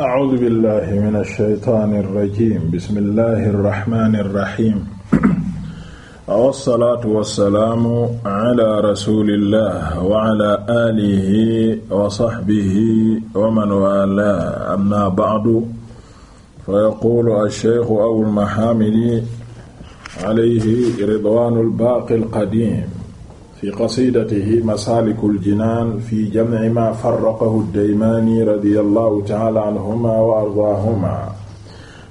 أعوذ بالله من الشيطان الرجيم بسم الله الرحمن الرحيم والصلاة والسلام على رسول الله وعلى آله وصحبه ومن والاه أما بعد فيقول الشيخ أبو المحامد عليه رضوان الباقي القديم fi qasidatihi masalikul jinaan fi jamci ma farraqahu ddaymaani radiyallahu ta'ala anhuma wa ardaahuma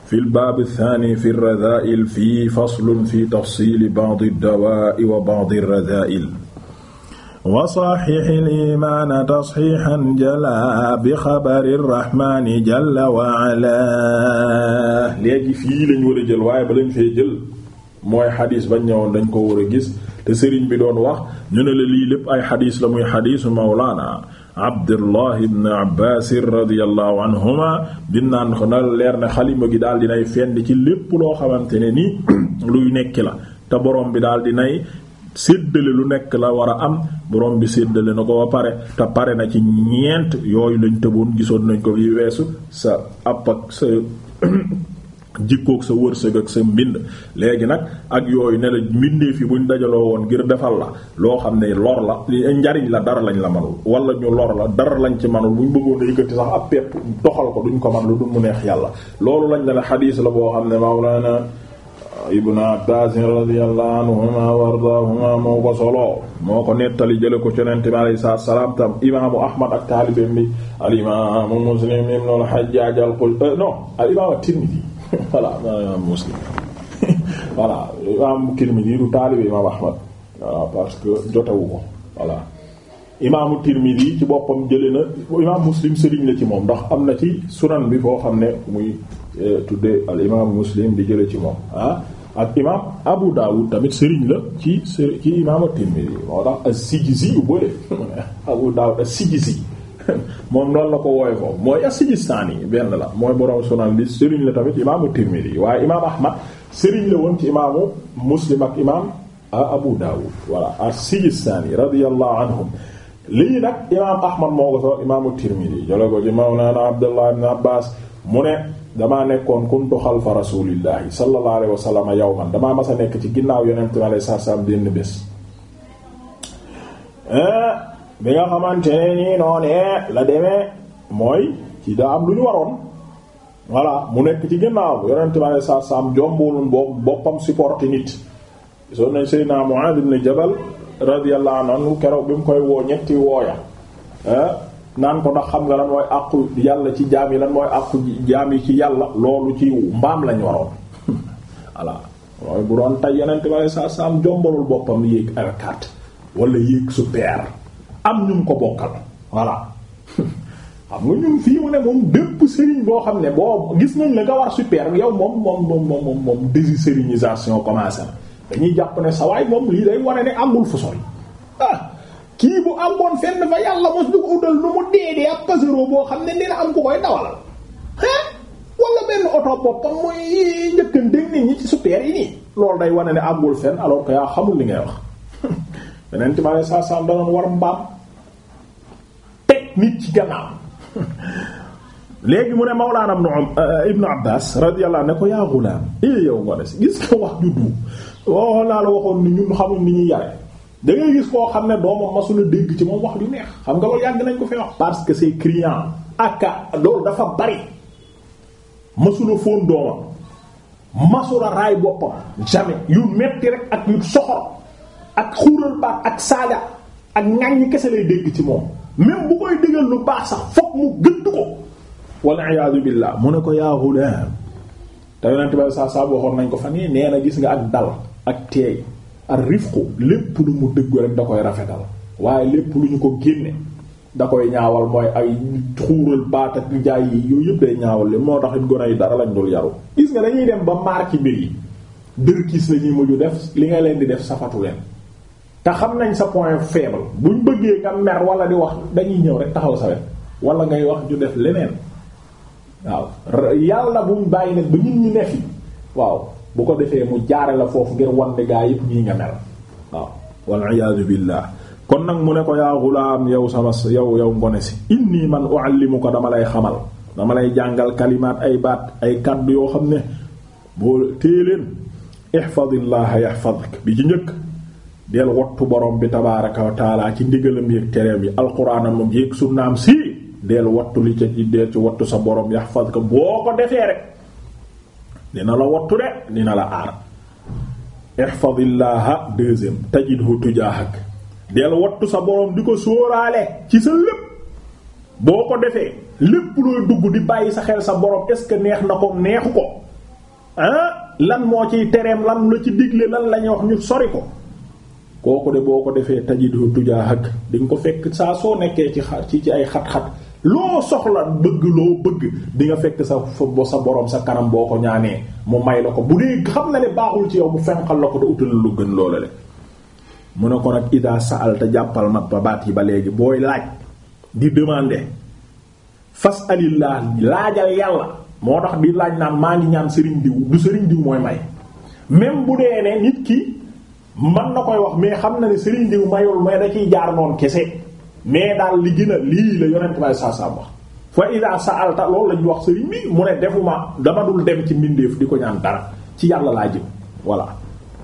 fi lbaabi thaani fi radaa'il fi faslun fi tafsiili ba'di ddawaa'i wa ba'di radaa'il wa saxixi limaana tasxiixan jala bi xabari rahmaani jalla wa ala léegi fii lañ war a jël waaye ba lañ fee jël mooy xadis bañ ñëwoon dañ ko war a gis te sëriñ bi doon wax ñu ne la lii lépp ay xadis la muy xadisu mawlaana abdullah ibn abbas radiallahu anhuma dinaan ko na leer ne xalima gi daal dinay fend ci lépp loo xamante ne ni luy nekki la te borom bi daal nay séddale lu nekk la war a am borom bi séddale na ko ba pare te pare na ci ñeent yooyu lañ tëboon gisoon nañ ko bi weesu sa app ak sa jikkook sa wërsëg ak sa mbind léegi nag ak yooyu ne la mbindee fi ñu dajaloo woon ngir defal la loo xam ne lor la njariñ la dara lañ la manul wala ñu lor la dara lañ ci manul buñ bëggoon a yëkkati sax ab pepp toxal ko duñ ko man lu dul mu neex yàlla loolu lañ la ne xadiis la boo xam ne mawlana ibnu abbaas radiyallahu anhuma wa ardaahuma moo ko solo moo ko nettali jële ko conente bi alayhi salaatu salaam tam imaamu ahmad ak taalibeem bi al imaamu muslim ibnu voilà man imaam Muslim voilà imaam Tirmidi du taalibe imaam Ahmad voilà parce que jotewu ko voilà imaamu Tirmidi ci boppam jëlee na imaam Muslim sëriñ la ci moom ndax am na ci sunan bi foo xam ne muy eh, tuddee al imaam Muslim di jëlee ci moom ah ak imaam Abu Dawud tamit sëriñ la ci ci imaam Tirmidi moo tax as-Sijizi yu bëre Abu Dawud as-Sijizi moom noonu la ko wooye ko mooy as-Sijistaani benn la mooy borom Sunan bi sëriñ la tamit imaamu Tirmidi waaye imaamu Ahmad sëriñ la woon ci imaamu Muslim ak imaam ah, Abu Dawud voilà as-Sijistaani radiyallahu anhum lii nag imaam Ahmad moo ko soo imaamu Tirmidi jëlee ko ci Mawlana Abdullah ibn Abbas mu ne damaa nekkoon kuntu xalfa rasulillahi sallallahu alayhi wa sallam yawman damaa mas nekk ci ginnaaw yonent bi alayhi salaam benn bés. Eh, bi nga xamante ne nii noonee la demee mooy ci daa am lu ñu waroon voilà mu nekk ci ginnaaw yonent bi alayhi salaatu salaam jombuwul boobu boppam supporté nit soo nañ Seydina Mu'aad ibn Jabal radiyallahu anhu keroog bi mu koy woo ñetti wooya eh, naan ko ndax xam nga la mooy àqu yàlla ci jaam yi la mooy àqu jaam yi ci yàlla loolu ci mbaam lañ waroon voilà mooy bu doon tay yonent bi alayhi salaatu salaam jombalul boppam yéeg alkat wala yéeg super am ñu ko bokkal voilà xam nga ñun fii mu ne moom bépp sëriñ boo xam ne boo gis nañ la nga war super yow moom moom moom moom moom dési sëriñisation commencé dañuy jàpp ne sawaay moom lii day wane ne àggul fu sori ah kii bu àggoon fenn fa yàlla mos du ko boo xam ne dina am ku koy dawalal ah wala oto boppam mooy njëkkandeg nit ñi day wane ne àggul fenn alors que yaa xamul li ngay wax beneen ci ma ne saa saa danoon war mbaam. nit ci gannaaw léegi mu ne Mawlaana Ibn eh, Abbas radiyallahu anhu ne ko yaa eh, yow nga des gis naa la waxoon ni ñun xamul ni ñuy yare gis koo xam ne doomam masula dégg ci moom xam nga loolu yàgg nañ ko fi wax. parce que c'est criant aka loolu dafa bari masula fóon doomam masula raay boppam jamais yu metti rek ak yu soxor ak xuural baax ak saaga ak ñañ kese lay dégg ci moom. même bu koy digal lu baax sax fokk mu gëdd ko walla iyaadu billaah mu ne ko yaa ghulaam te yonent bi saa saa waxoon nañ ko fan yii nee na gis nga ak dal ak teey ak rifqu lépp lu mu dëggu rek da koy rafetal waaye lépp lu ñu ko génne da koy ñaawal mooy ay xuural baat ak jaay yi yooyu yëpp day ñaawal li moo tax it gone yi dara lañ dul yaru gis nga dañuy dem ba maar ci mbir yi dërkiis lañuy mujju def li nga leen di def safatu leen te xam nañ sa point faible buñ bëggee nga mer wala di wax dañuy ñëw rek taxaw sa wet wala ngay wax ju def leneen waaw yàlla buñ bàyyi nag ba nit ñi ne fi waaw bu ko defee mu jaare la foofu ngir wande gaa yëpp ñii nga mer waaw wal iyaadu billah kon nag mu ne ko yaa gulaam yow sama yow yow ngone si inni man ko dama lay xamal dama lay jàngal kalimaat ay baat ay kàddu yoo xam ne boo téye leen ihfadillaha yahfaduk bi ci njëkk del wattu borom bi tabaaraka wa taala ci ndigalam yéeg tereem yi alxuraanam yéeg naam si del wattu li ca ci deel ci wattu sa borom yaxfaz ko boo ko defee rek dina la wattu de dina la aar ihfazillaaha deuxième tajidhu tujaahak del wattu sa borom di ko sóoraale ci sa boo ko defee lépp looy dugg di bàyyi sa xel sa borom est-ce que neex na ko neexu ko ah lan moo ciy tereem lan la ci digle lan lañuy wax ñu sori ko kooku de boo ko defee tajidhu tujaahak di nga ko fekk saa soo nekkee ci xar ci ci ay xat-xat loo soxla bëgg loo bëgg di nga fekk sa sa boroom sa kanam boo ko ñaanee mu may la ko bu dee xam na ne baaxul ci yow bu fenqal la ko da utal lu gën loola le mu ne ko nag ida sa te jàppal nag ba baat yi ba léegi booy laaj di demander fas alillah laajal yàlla moo tax di laaj naan maa ngi ñaan sëriñ diw du sëriñ diw mooy may même bu dee ne nit ki man na koy wax mais xam na ne Serigne diw mayul may da ciy jaar noonu kese mais daal li gën a lii la yonent bay saa saa wax fa ida sa'alta loolu lañ wax Serigne bi mu ne defuma dama dul dem ci mbindeef di ko ñaan dara ci yàlla laa jëm voilà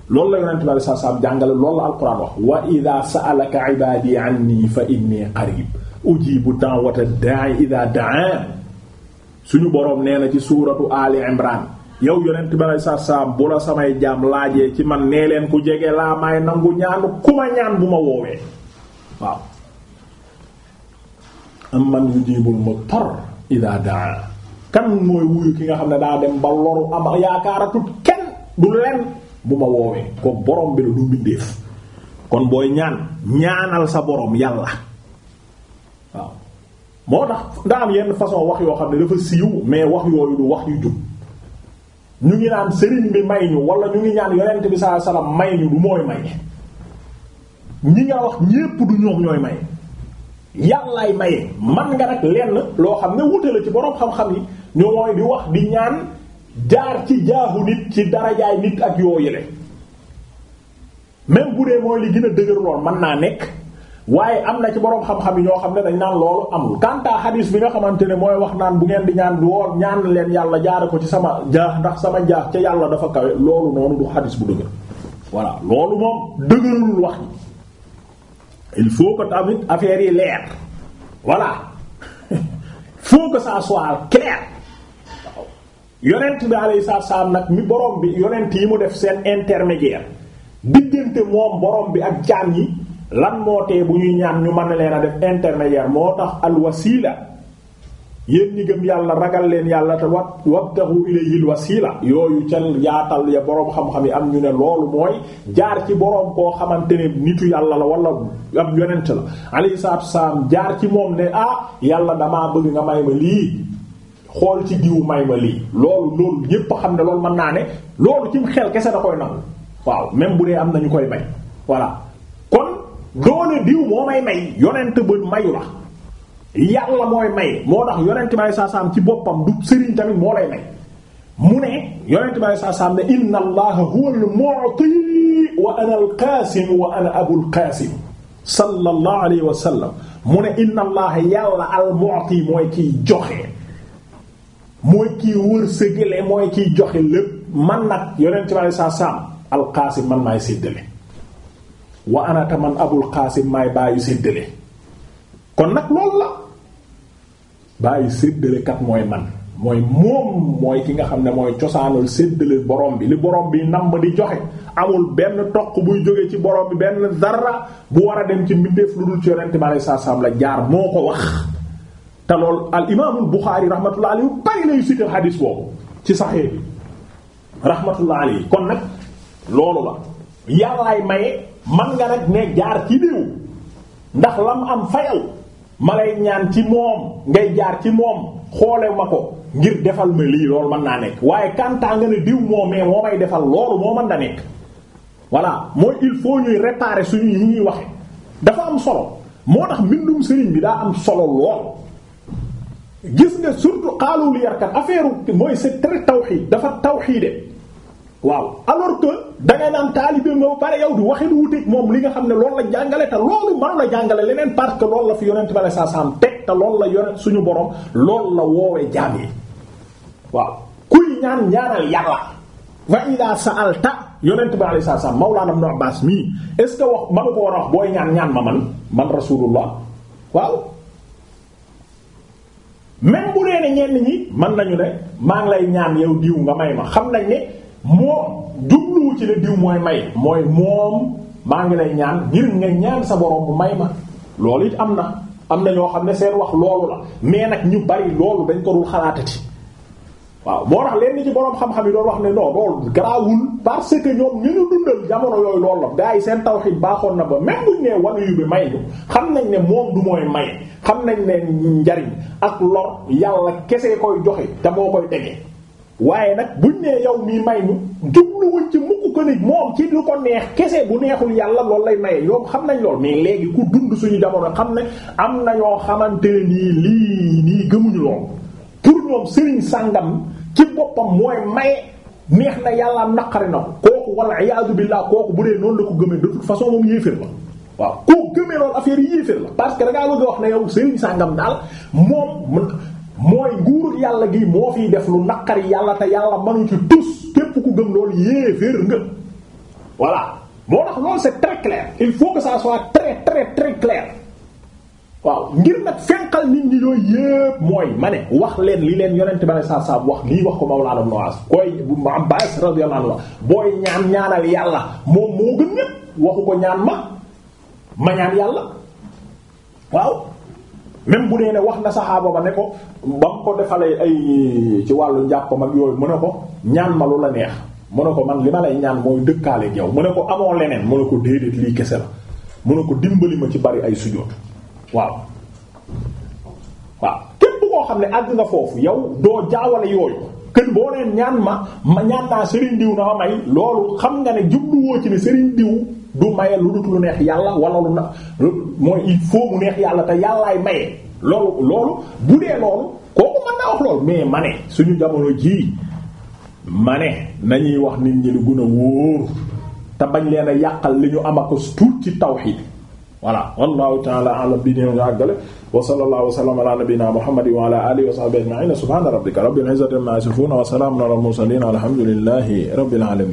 loolu la yonent bay saa jàngale lool la alquran wax wa ida sa'alaka ibadi anni fa inni qarib ujibu da'wata da'i ida da'an suñu boroom nee na ci suuratu Ali Imran yow yonent bi alay saat salaam bu la samay jaam laajee ci man nee leen ku jege laa may nangu ñaanu ku ma ñaan bu ma woowee waaw am man yujibul muttar ida daa kan mooy wuyu ki nga xam ne daa dem ba loru am yaakaaratut kenn du len bu ma woowee ko borom bi la du mbindeef kon booy ñaan ñaanal sa borom yàlla waaw moo tax nda am yenn façon wax yoo xam ne dafa siiw mais wax yooyu du wax yu jub ñu ngi naan sëriñ bi may ñu wala ñu ngi ñaan yonent bi sallallahu may ñu du mooy may ñi nga wax ñépp du ñoom ñooy may yàllaay maye man nga nag lenn loo xam ne wute ci boroom xam-xam yi ñu mooy di wax di ñaan jaar ci jaahu nit ci darajaay nit ak yoo yële même bu dee mooy li gën a dëgër lool mën naa nekk waaye am na ci boroom xam-xam yi ñoo xam ne dañ naan loolu amul kanta xadiis bi nga xamante ne mooy wax naan bu ngeen di ñaan du woor ñaan leen yàlla jaare ko ci sama jaax ndax sama jaax ca yàlla dafa kawe loolu noonu du xadiis bu dëgër voilà loolu moom dëgërul wax ji il faut que tamit affaire yi leer voilà faut que ça soit clair waaw yonent bi alayhi salaam nag mi borom bi yonent yi mu def seen intermédiaire diggante moom borom bi ak jaam yi lan moo tee bu ñuy ñaan ñu man leen a def intermédiaire moo tax alwasila yéen ñi gëm yàlla ragal leen yàlla te wa wabtahu ilayhil wasila yooyu ca yaatal ya boroom xam-xam yi am ñu ne loolu mooy jaar ci boroom koo xamante ne nitu yàlla la wala ab yonent la alayhi salaatu wasalaam jaar ci moom ne ah yàlla damaa bëgg nga may ma lii xool ci jiwu may ma lii loolu loolu ñépp xam ne loolu mën naa ne loolu ci xel kese da koy nangu waaw même bu dee am na ñu koy bañ doone diw moo may may yonent ba mayu la yàlla mooy may moo tax yonent bi saa saam ci boppam du sëriñ tamit moo lay may mu ne yonent bi saa saam ne inna allaha huwa al wa ana al wa ana abu al-qasim sallallahu mu ne inna allaha yàlla al mooy kiy joxe mooy kiy wërsëgale mooy kiy joxe lépp man nag yonent bi saa saam al-qasim man maay séddale wa anata man abul xaasim maay bàyyi séddale kon nag loolu la bàyyi séddale mooy man mooy moom mooy ki nga xam ne mooy cosaanul séddale borom bi li borom bi namb di joxe amul benn toq buy jóge ci borom bi benn dara bu war a dem ci mbindeef lu dul ci yonent bi alayhi salaam la jaar moo ko wax te lool al imaamul Buxaari rahmatullah alayhi bari lay cité xadiis boobu ci saxee bi rahmatullah kon nag loolu la yàllaay maye man nga nag ne jaar ci diw ndax lam am fayal ma lay ñaan ci moom ngay jaar ci moom xoole ma ko ngir defal ma lii loolu mën naa nekk waaye kantaa nga ne diw moo mais moo may defal loolu moo mën da nekk voilà mooy il faut ñuy réparer suñu yi ñuy waxe dafa am solo moo tax mbindum sëriñ bi daa am solo lool gis nga surtout xaalul yarkat affaire mooy c'est très tawxiid dafa tawxiide waaw alors que da ngay naan taalibe nga ba pare yow di waxi lu wuteeg moom li nga xam ne loolu la jàngale te loolu manu la jàngale leneen parce que loolu la fi yonent bale saa saam teg te loolu la yonent suñu borom loolu la woowee jaam yi waaw kuy ñaan ñaanal yàlla wa ida sa'alta yonent bale saa saam Mawlana Ibn Abbas mii est ce que wax manu ko war a wax booy ñaan ñaan ma man man rasulullah waaw même bu leen ñenn ñi mën nañu ne maa ngi lay ñaan yow diw nga ma xam nañ moo jubluwu ci ne diw mooy may mooy moom maa ngi lay ñaan ngir nga ñaan bu may ma loolu it am na am na ñoo xam ne seen wax loolu la mais nag ñu bari loolu dañ ko dul waaw moo tax leen ci boroom xam yi doon wax ne non loolu garaawul que ñoom ñu jamono yooyu loolu la gaa yi seen tawhid baaxoon na ba même buñ yu bi xam nañ ne moom du mooy may xam nañ ne njariñ ak lor yàlla kese koy joxe te moo koy tegee. waaye nag buñ nee yow mii may ñu jubluwuñ ci mukk ko nit moom ci lu ko neex kese bu neexul yàlla loolu lay maye yow xam nañ lool mais léegi ku dund suñu jamono xam ne am na ñoo xamante ne nii lii nii gëmuñu lool pour ñoom sëriñ sàngam ci boppam mooy maye neex na yàlla naqari na ko kooku wala iyaadu billah kooku bu dee noonu la ko gëmee de façon moom yéeféer la waaw koo gëmee loolu affaire yi yéeféer la parce que da ngaa bëgg a wax ne yow sëriñ sàngam daal moom mooy nguuru yàlla gi moo fiy def lu naqari yàlla te yàlla manu ci tus képp ku gëm loolu yéeféer nga voilà moo tax loolu c'est très clair il faut que ça soit très très très clair waaw ngir nag fenqal nit ñi yooyu yépp mooy ma ne wax leen li leen yonent ba ne saa saa wax lii wax ko Mawlana Noas koy Abbas radiyallahu anhu booy ñaan ñaanal yàlla moom moo gën ñépp waxu ko ñaan ma ma ñaan yàlla waaw. même bu dee ne wax na saxaaba ba ne ko ba mu ko defalee ay ci wàllu njàppam ak yooyu mu ne ko ñaan ma lu la neex mu ne ko man li ma lay ñaan mooy dëkkaale yow mu ne ko amoo leneen mu ne ko déedéet lii kese la mu ne ko dimbali ma ci bari ay sujoot waaw waaw képp koo xam ne àgg nga foofu yow doo jaawale yooyu kën boo leen ñaan ma ma ñaan naa Serigne diw na ma may loolu xam nga ne jubluwoo ci ne Serigne diw du maye lu dut lu neex yàlla wala lu na mooy il faut neex yàlla te yàllaay maye loolu loolu bu dee loolu kooku mën naa wax loolu mais ma ne suñu jamono jii ma ne nañuy wax nit ñi lu gën wóor te bañ leen a yàqal li ñu am ak tuut ci tawxiid voilà wallahu ta'ala a'lam bi ñu àggale wa sallallahu wa sallama ala nabiyyina muhammadin wa ala alihi